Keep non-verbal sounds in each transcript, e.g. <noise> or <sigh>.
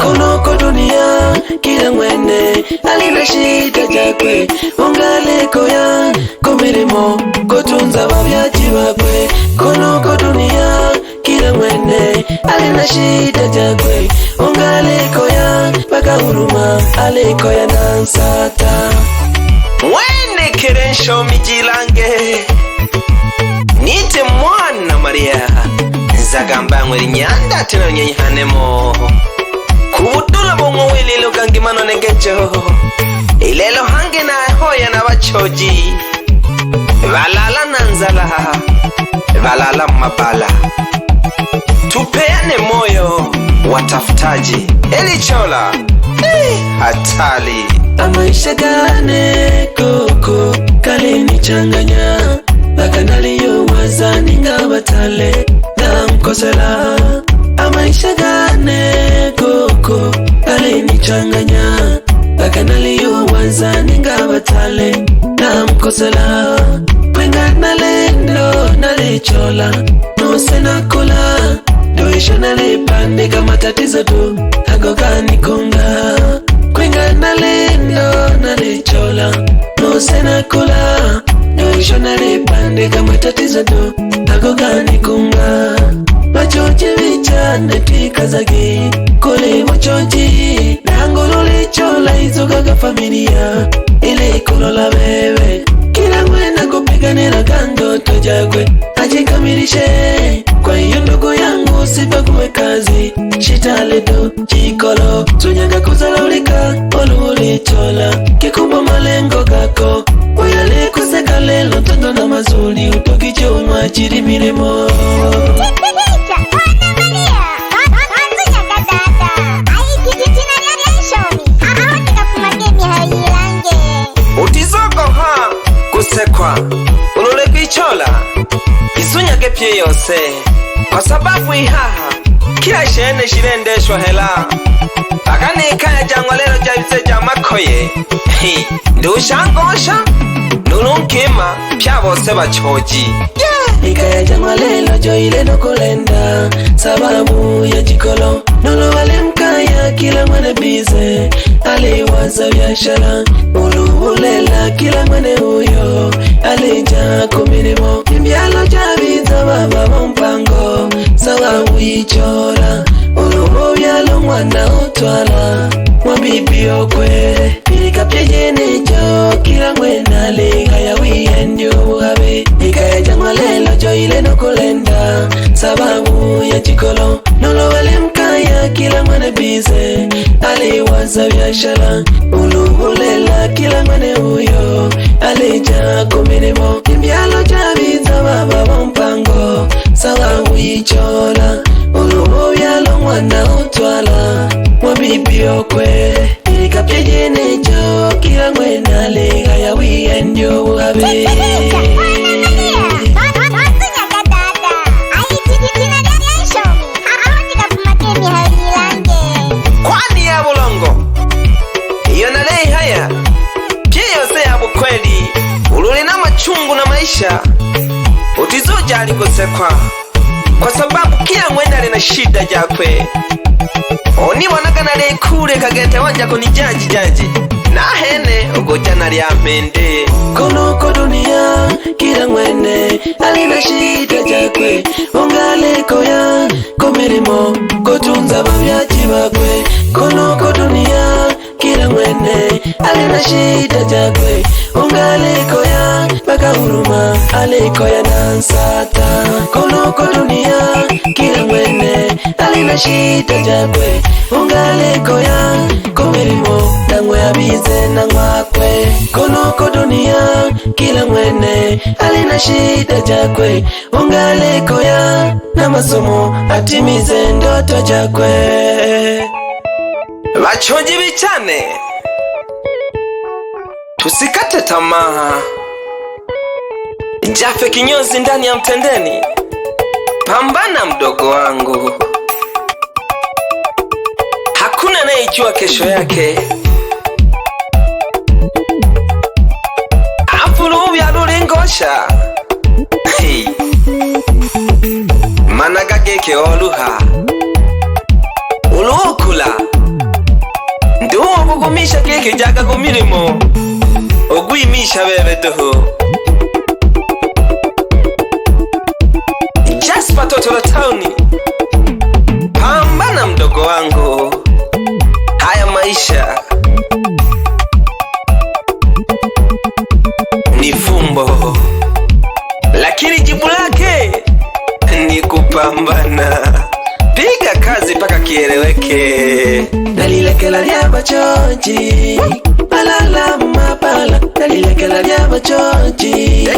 Radio. Kunoko dunia kila mwene alina shida jakwe ungaleko ya kumirimo kutunza babyaji bakwe kunoko dunia kila mwene alina shida jakwe ungaleko ya paka huruma aleko ya nansata wene nshomi mijilange nite mwana maria nzagamba yanywera nyanda ate nayo kubutula bong'owi liluka ngima nonegejo ilelo hange hoya na bachoji balala na nzala balala mabala tupeane moyo watafutaji elichola hey, hatali amaisha gane koko kalinichanganya mpaka naliyowaza ningabatale na mkosela amaisha gane kuchanganya mpaka naliyowaza ningabatale namkosela mwenga nalendo nalichola nose kula doisha nalipandika matatizo tu agokanikunga kwenga nalendo nalichola nose nakola kushona lipande kama tatizo do gani kunga machochi vichane tikazagi kuli muchochi dango lulichola izogaga familia ilikulola kulola kila mwena kupiganira yose kwa sababu ihaha kila shene shirendeshwa hela akanikaya jango lero jabize jamakoye ndushangosha nurunkima pya bose bacoji yeah. ikaya jango lelo joile nokulenda sababu ya jikolo nolowalemkaya kila mwana bize aliwaza biashara ulubulela kila mwana huyo alija kumi sipio kwere jo kila kirangwe nale ngaya wiyendio bugabe ikaya jangwalelo jo ile nokolenda sababu ya chikolo nolowale mkaya kila waza bize aliwaza biashara ulumbulela kila mwana uyo alijakumirimo ipiokwe ikapye jene jo kiangwe nalega ya wabe ya bulongo iyo nalei ya bukweli ululi na machungu na maisha utizuja alikosekwa kwa sababu kila mwenda lina shida jakwe oniwonaga nalikule kagete wanjako ni jaji jaji nahene ugojana lya mpende konoko dunia kila mwene alina shida jakwe ongalekoya komirimo kotunza bavyaji bakwe konoko dunia kila mwene alina shida jakwe ongalekoya hata huruma, aliko yanansata koloko dunia, kila mwene alina shita jakwe ungaliko ya komirimo nangwe abize nangwakwe koloko dunia, kila mwene alina shita jakwe ungaliko ya na masomo atimize ndoto jakwe Bachonji bichane, tusikate tamaa. Jafe kinyozi ndani ya mtendeni, pambana mdogo wangu, hakuna anayejua kesho yake. afuluvu ya lulingosha hey. managa geke oluha uluukula nduwo bugumisha geke jaga kumilimo ogwimisha bebe doho Chora Town, pambana mdogo wangu, haya maisha ni fumbo, lakini jibu lake ni kupambana. Piga kazi mpaka kieleweke. dalilekela lya machozi palala mapala dalilekela lya machozi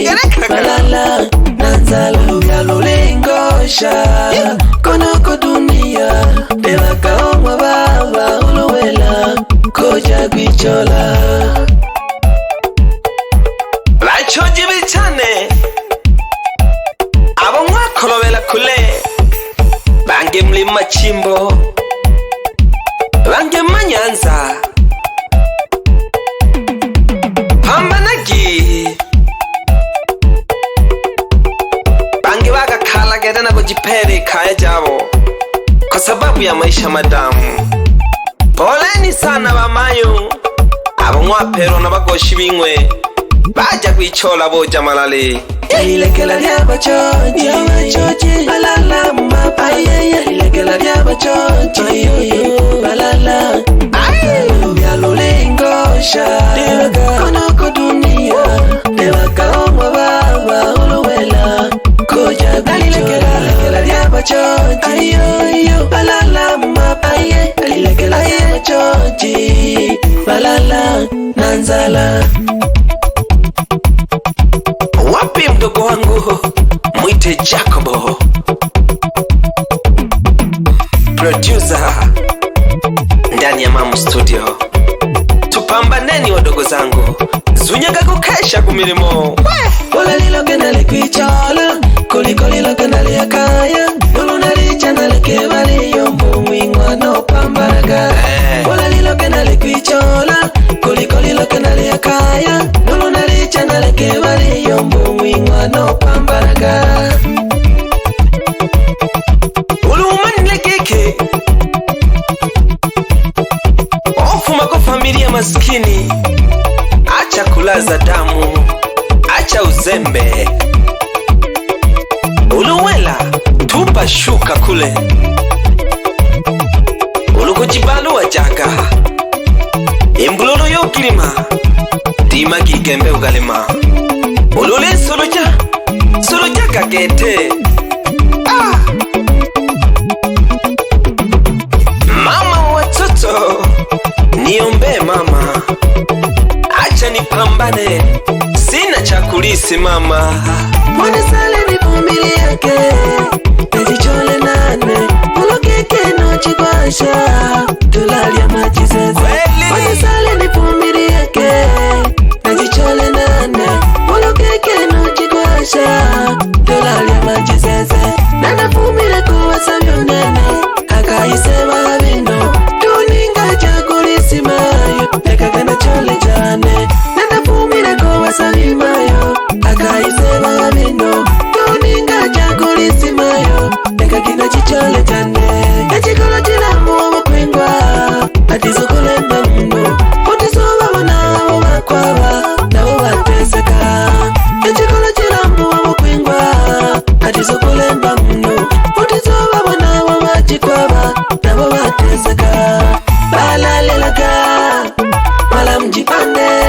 maisha konoko dunia telakaomwa baba uluwela koja bichola bacoje bicane abo mwakolobela kule bange mlima chimbo bange manyanza kujipeleka yajabo kwa sababu ya maisha madamu. Poleni sana bamayu abanywa na n'abagoshi b'inkwe baja kwicola boja malali irekera ry'abacoci konoko dunia tebakaomwa wapi mdogo wangu mwite Jacobo producer ndani ya Mamu Studio. Tupambaneni wadogo zangu, zunyaga kukesha kumilimo we, pole kuliko lilokenda zembe uluwela thumba shuka khule ulukucipalu wa jaka imbululu yokilima tima kikembe ukalima ululisuluja suluja kakete kusimama Mwani sale ni kumili yake Tejichole nane Molo keke no chibasha de bater.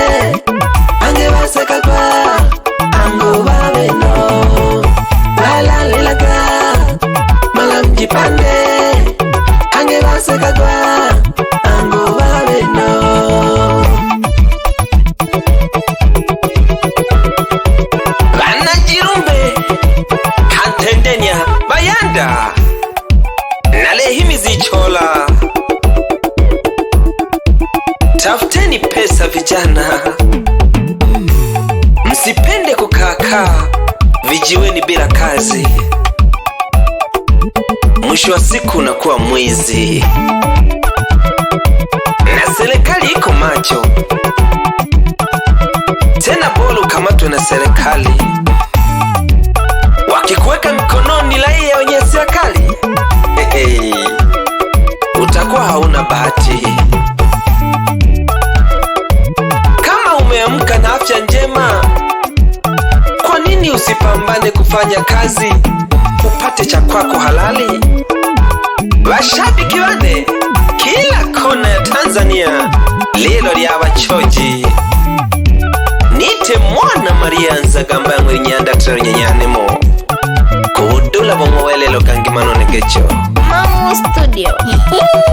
vijana, msipende kukaakaa vijiweni bila kazi, mwisho wa siku unakuwa mwizi. Na serikali iko macho tena, bolu ukamatwe na serikali wakikuweka mikononi raia wenye siaka fanya kazi upate cha kwako halali. Washabiki wane kila kona ya Tanzania, lilo lya wachoji nite mwana Maria nzagamba ya mwiri nyandatiro nyanyanemo kuudula bomowelelo kangimanonikecho Mamu Studio <laughs>